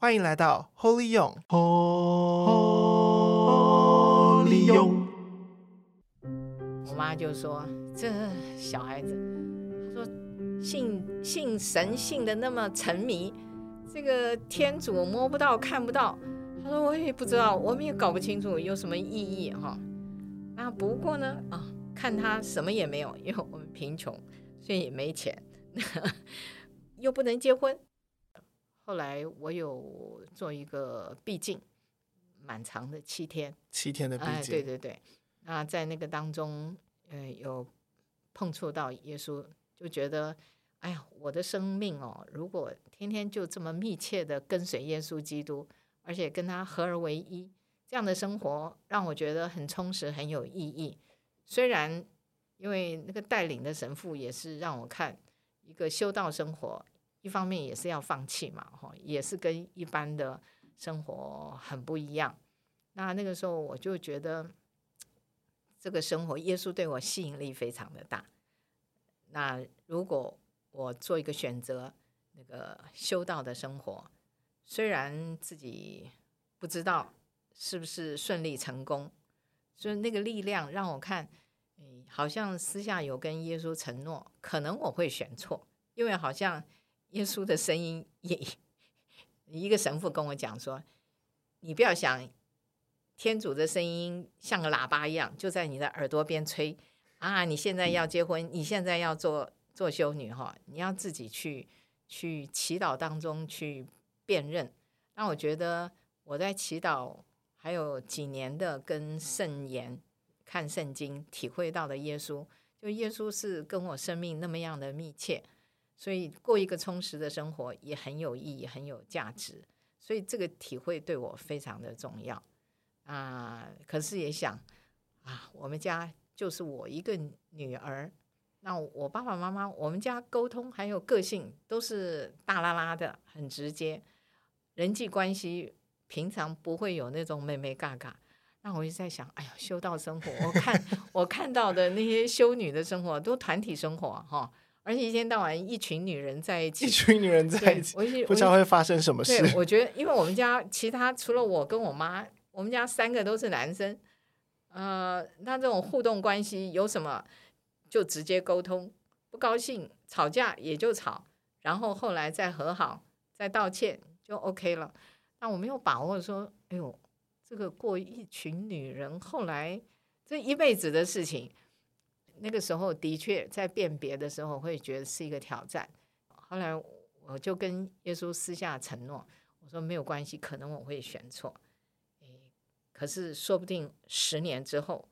歡迎來到 Holy 勇。Holy 勇，我媽就說：“這小孩子，她說信信神信的那麼沉迷，這個天主摸不到看不到。”她說：“我也不知道，我們也搞不清楚有什麼意義哈。”啊，那不過呢，啊，看他什麼也沒有，因為我們貧窮，所以也沒錢，呵呵又不能結婚。後來我有做一個避靜，蠻長的七天，七天的避靜、呃，對對對。啊，在那個當中，呃，有碰觸到耶穌，就覺得，哎呀，我的生命哦，如果天天就這麼密切的跟隨耶穌基督，而且跟他合而為一，這樣的生活讓我覺得很充實、很有意義。雖然因為那個帶領的神父也是讓我看一個修道生活。一方面也是要放棄嘛，吼，也是跟一般的生活很不一樣。那那個時候我就覺得，這個生活耶穌對我吸引力非常的大。那如果我做一個選擇，那個修道的生活，雖然自己不知道是不是順利成功，所以那個力量讓我看，好像私下有跟耶穌承諾，可能我會選錯，因為好像。耶穌的聲音也，一個神父跟我講說：“你不要想天主的聲音像個喇叭一樣，就在你的耳朵邊吹啊！你現在要結婚，你現在要做做修女哈，你要自己去去祈禱當中去辨認。”那我覺得我在祈禱，還有幾年的跟聖言看聖經，體會到的耶穌，就耶穌是跟我生命那麼樣的密切。所以過一個充實的生活也很有意義，很有價值。所以這個體會對我非常的重要啊。呃，可是也想啊，我們家就是我一個女兒，那我爸爸媽媽，我們家溝通還有個性都是大剌剌的，很直接。人際關係平常不會有那種咩咩嘎嘎。那我就在想，哎呀，修道生活，我看 我看到的那些修女的生活都團體生活哈。而且一天到晚一群女人在一起，一群女人在一起，不知道會發生什麼事。我覺得，因為我們家其他除了我跟我媽， 我們家三個都是男生，呃，那這種互動關係有什麼就直接溝通，不高興吵架也就吵，然後後來再和好再道歉就 OK 了。但我沒有把握說，哎呦，這個過一群女人，後來這一輩子的事情。那個時候的確在辨別的時候會覺得是一個挑戰。後來我就跟耶穌私下承諾，我說沒有關係，可能我會選錯。哎，可是說不定十年之後，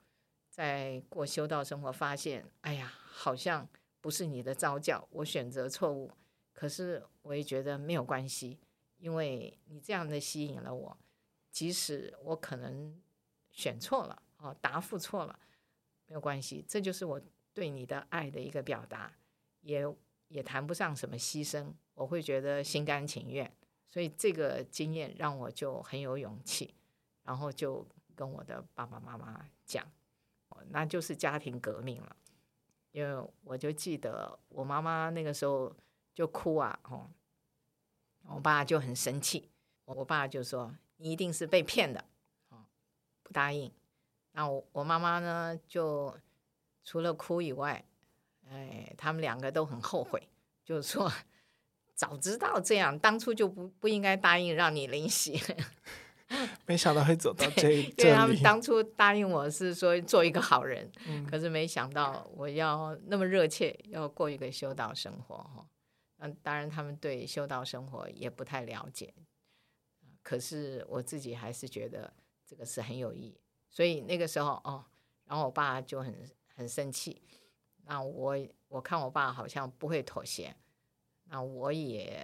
在過修道生活發現，哎呀，好像不是你的召叫，我選擇錯誤。可是我也覺得沒有關係，因為你這樣的吸引了我，即使我可能選錯了，哦，答覆錯了。沒有關係，這就是我對你的愛的一個表達，也也談不上什麼犧牲，我會覺得心甘情願。所以這個經驗讓我就很有勇氣，然後就跟我的爸爸媽媽講，那就是家庭革命了。因為我就記得我媽媽那個時候就哭啊，哦，我爸就很生氣，我爸就說你一定是被騙的，不答應。那我我媽媽呢，就除了哭以外，哎，他們兩個都很後悔，就是說，早知道這樣，當初就不不應該答應讓你領洗，沒想到會走到這。對，這他們當初答應我是說做一個好人，嗯、可是沒想到我要那麼熱切要過一個修道生活哈。嗯，當然他們對修道生活也不太了解，可是我自己還是覺得這個是很有意義。所以那個時候哦，然後我爸就很很生氣。那我我看我爸好像不會妥協，那我也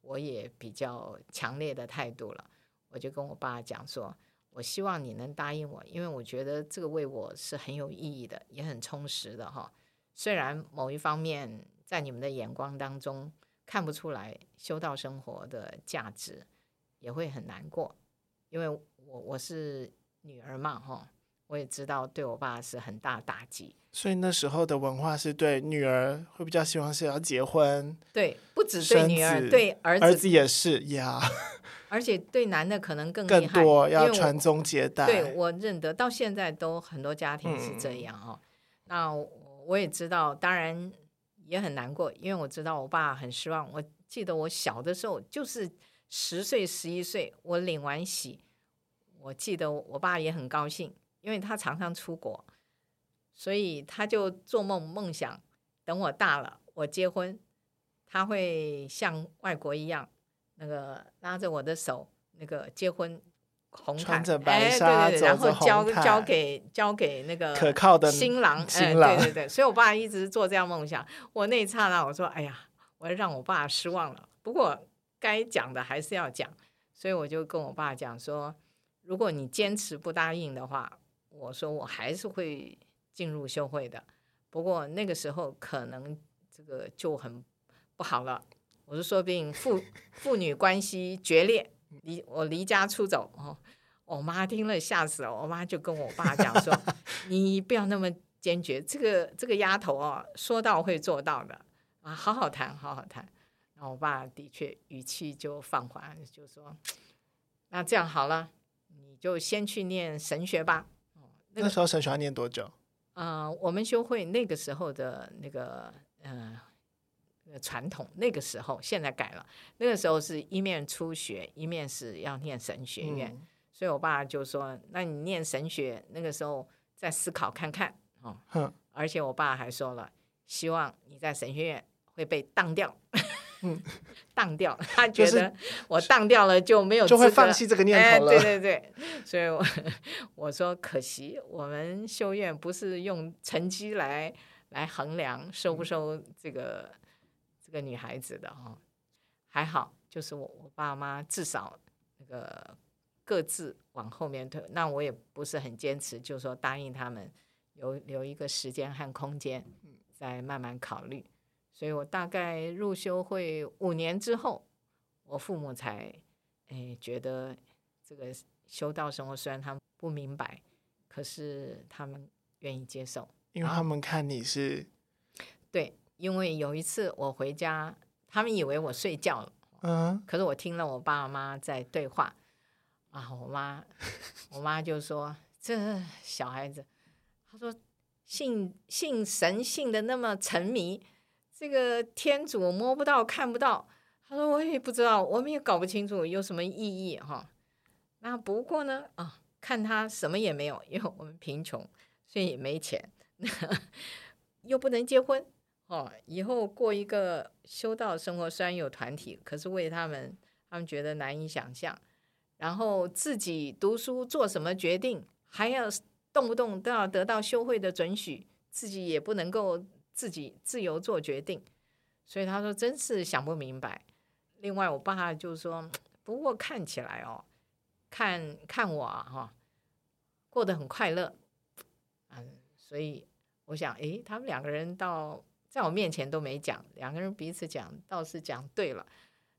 我也比較強烈的態度了。我就跟我爸講說，我希望你能答應我，因為我覺得這個為我是很有意義的，也很充實的哈。雖然某一方面在你們的眼光當中看不出來修道生活的價值，也會很難過，因為我我是。女兒嘛，哈，我也知道，對我爸是很大的打擊。所以那時候的文化是對女兒會比較希望是要結婚，對，不只是女兒，對兒子，兒子也是呀。而且對男的可能更更多，要傳宗接代。我對我認得到現在都很多家庭是這樣哦、嗯。那我也知道，當然也很難過，因為我知道我爸很失望。我記得我小的時候就是十歲、十一歲，我領完洗。我記得我爸也很高興，因為他常常出國，所以他就做夢夢想，等我大了，我結婚，他會像外國一樣，那個拉着我的手，那個結婚紅毯，穿着白紗，哎、對對對，然後交交給交給那個可靠的新郎，新、嗯、對對對。所以我爸一直做這樣夢想。我那一剎那，我說：“哎呀，我要讓我爸失望了。”不過該講的還是要講，所以我就跟我爸講說。如果你堅持不答應的話，我說我還是會進入修會的。不過那個時候可能這個就很不好了，我就說不定父 父女關係決裂，離我離家出走哦。我媽聽了嚇死了，我媽就跟我爸講說：“ 你不要那麼堅決，這個這個丫頭哦，說到會做到的啊，好好談，好好談。”然後我爸的確語氣就放緩，就說：“那這樣好了。”就先去念神學吧。那個，那時候神學還念多久？呃，我們修會那個時候的那個呃傳統，那個時候現在改了。那個時候是一面初學，一面是要念神學院。嗯。所以我爸就說：“那你念神學，那個時候再思考看看。”嗯。而且我爸還說了，希望你在神學院會被當掉。 嗯， 當掉，他覺得我當掉了就沒有，就會放棄這個念頭了，欸。對對對，所以我，我我說可惜，我們修院不是用成績來來衡量收不收這個、嗯、這個女孩子的哈。還好，就是我我爸媽至少那個各自往後面退，那我也不是很堅持，就是說答應他們留留一個時間和空間，嗯，再慢慢考慮。所以我大概入修會五年之後，我父母才哎覺得這個修道生活，雖然他們不明白，可是他們願意接受，因為他們看你是對。因為有一次我回家，他們以為我睡覺了，嗯，可是我聽了我爸媽在對話啊，我媽我媽就說 這小孩子，她說信信神信得那麼沉迷。這個天主摸不到，看不到，他說我也不知道，我們也搞不清楚有什麼意義哈。那不過呢啊，看他什麼也沒有，因為我們貧窮，所以也沒錢，又不能結婚哦。以後過一個修道生活，雖然有團體，可是為他們，他們覺得難以想象。然後自己讀書做什麼決定，還要動不動都要得到修會的准許，自己也不能夠。自己自由做決定，所以他說真是想不明白。另外，我爸就說，不過看起來哦，看看我啊哈，過得很快樂，嗯，所以我想，哎，他們兩個人倒在我面前都沒講，兩個人彼此講倒是講對了。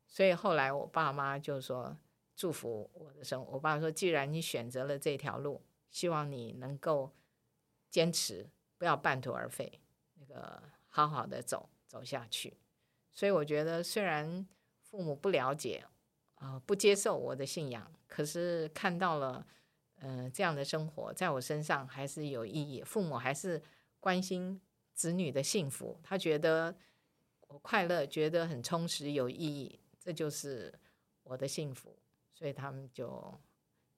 所以後來我爸媽就說祝福我的生活。我爸說，既然你選擇了這條路，希望你能夠堅持，不要半途而廢。個好好的走走下去，所以我覺得雖然父母不了解，啊、呃、不接受我的信仰，可是看到了，呃，這樣的生活在我身上還是有意義。父母還是關心子女的幸福，他覺得我快樂，覺得很充實有意義，這就是我的幸福，所以他們就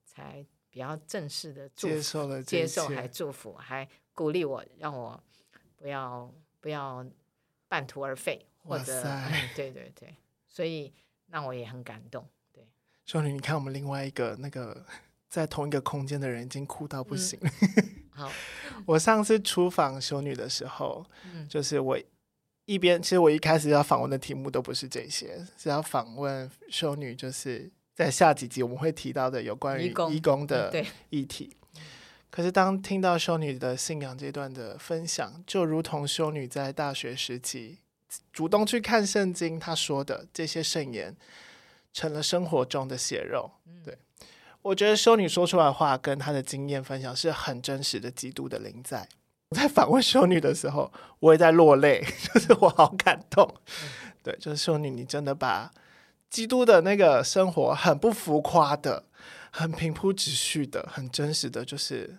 才比較正式的接受了，接受還祝福，還鼓勵我，讓我。不要不要半途而廢，或者、嗯、對對對，所以讓我也很感動。對，修女，你看我們另外一個那個在同一個空間的人已經哭到不行了、嗯。好， 我上次出訪修女的時候，嗯、就是我一邊其實我一開始要訪問的題目都不是這些，是要訪問修女，就是在下幾集我們會提到的有關於義工的議題。可是，當聽到修女的信仰這段的分享，就如同修女在大學時期主動去看聖經，她說的這些聖言，成了生活中的血肉。對，嗯、我覺得修女說出來的話跟她的經驗分享是很真實的，基督的靈在。嗯、在訪問修女的時候，我也在落淚， 就是我好感動、嗯。對，就是修女，你真的把基督的那個生活很不浮誇的。很平鋪直敘的，很真實的，就是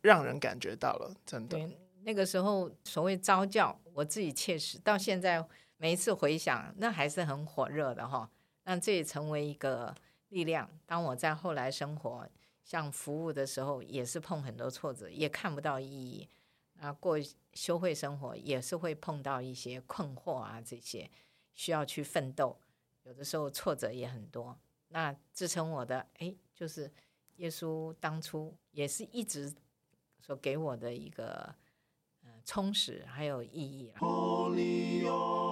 讓人感覺到了，真的。對，那個時候所謂召叫，我自己確實到現在每一次回想，那還是很火熱的哈。讓這也成為一個力量。當我在後來生活像服務的時候，也是碰很多挫折，也看不到意義啊。過修會生活也是會碰到一些困惑啊，這些需要去奮鬥，有的時候挫折也很多。那支撐我的，哎。就是耶穌當初也是一直所給我的一個呃充實，還有意義。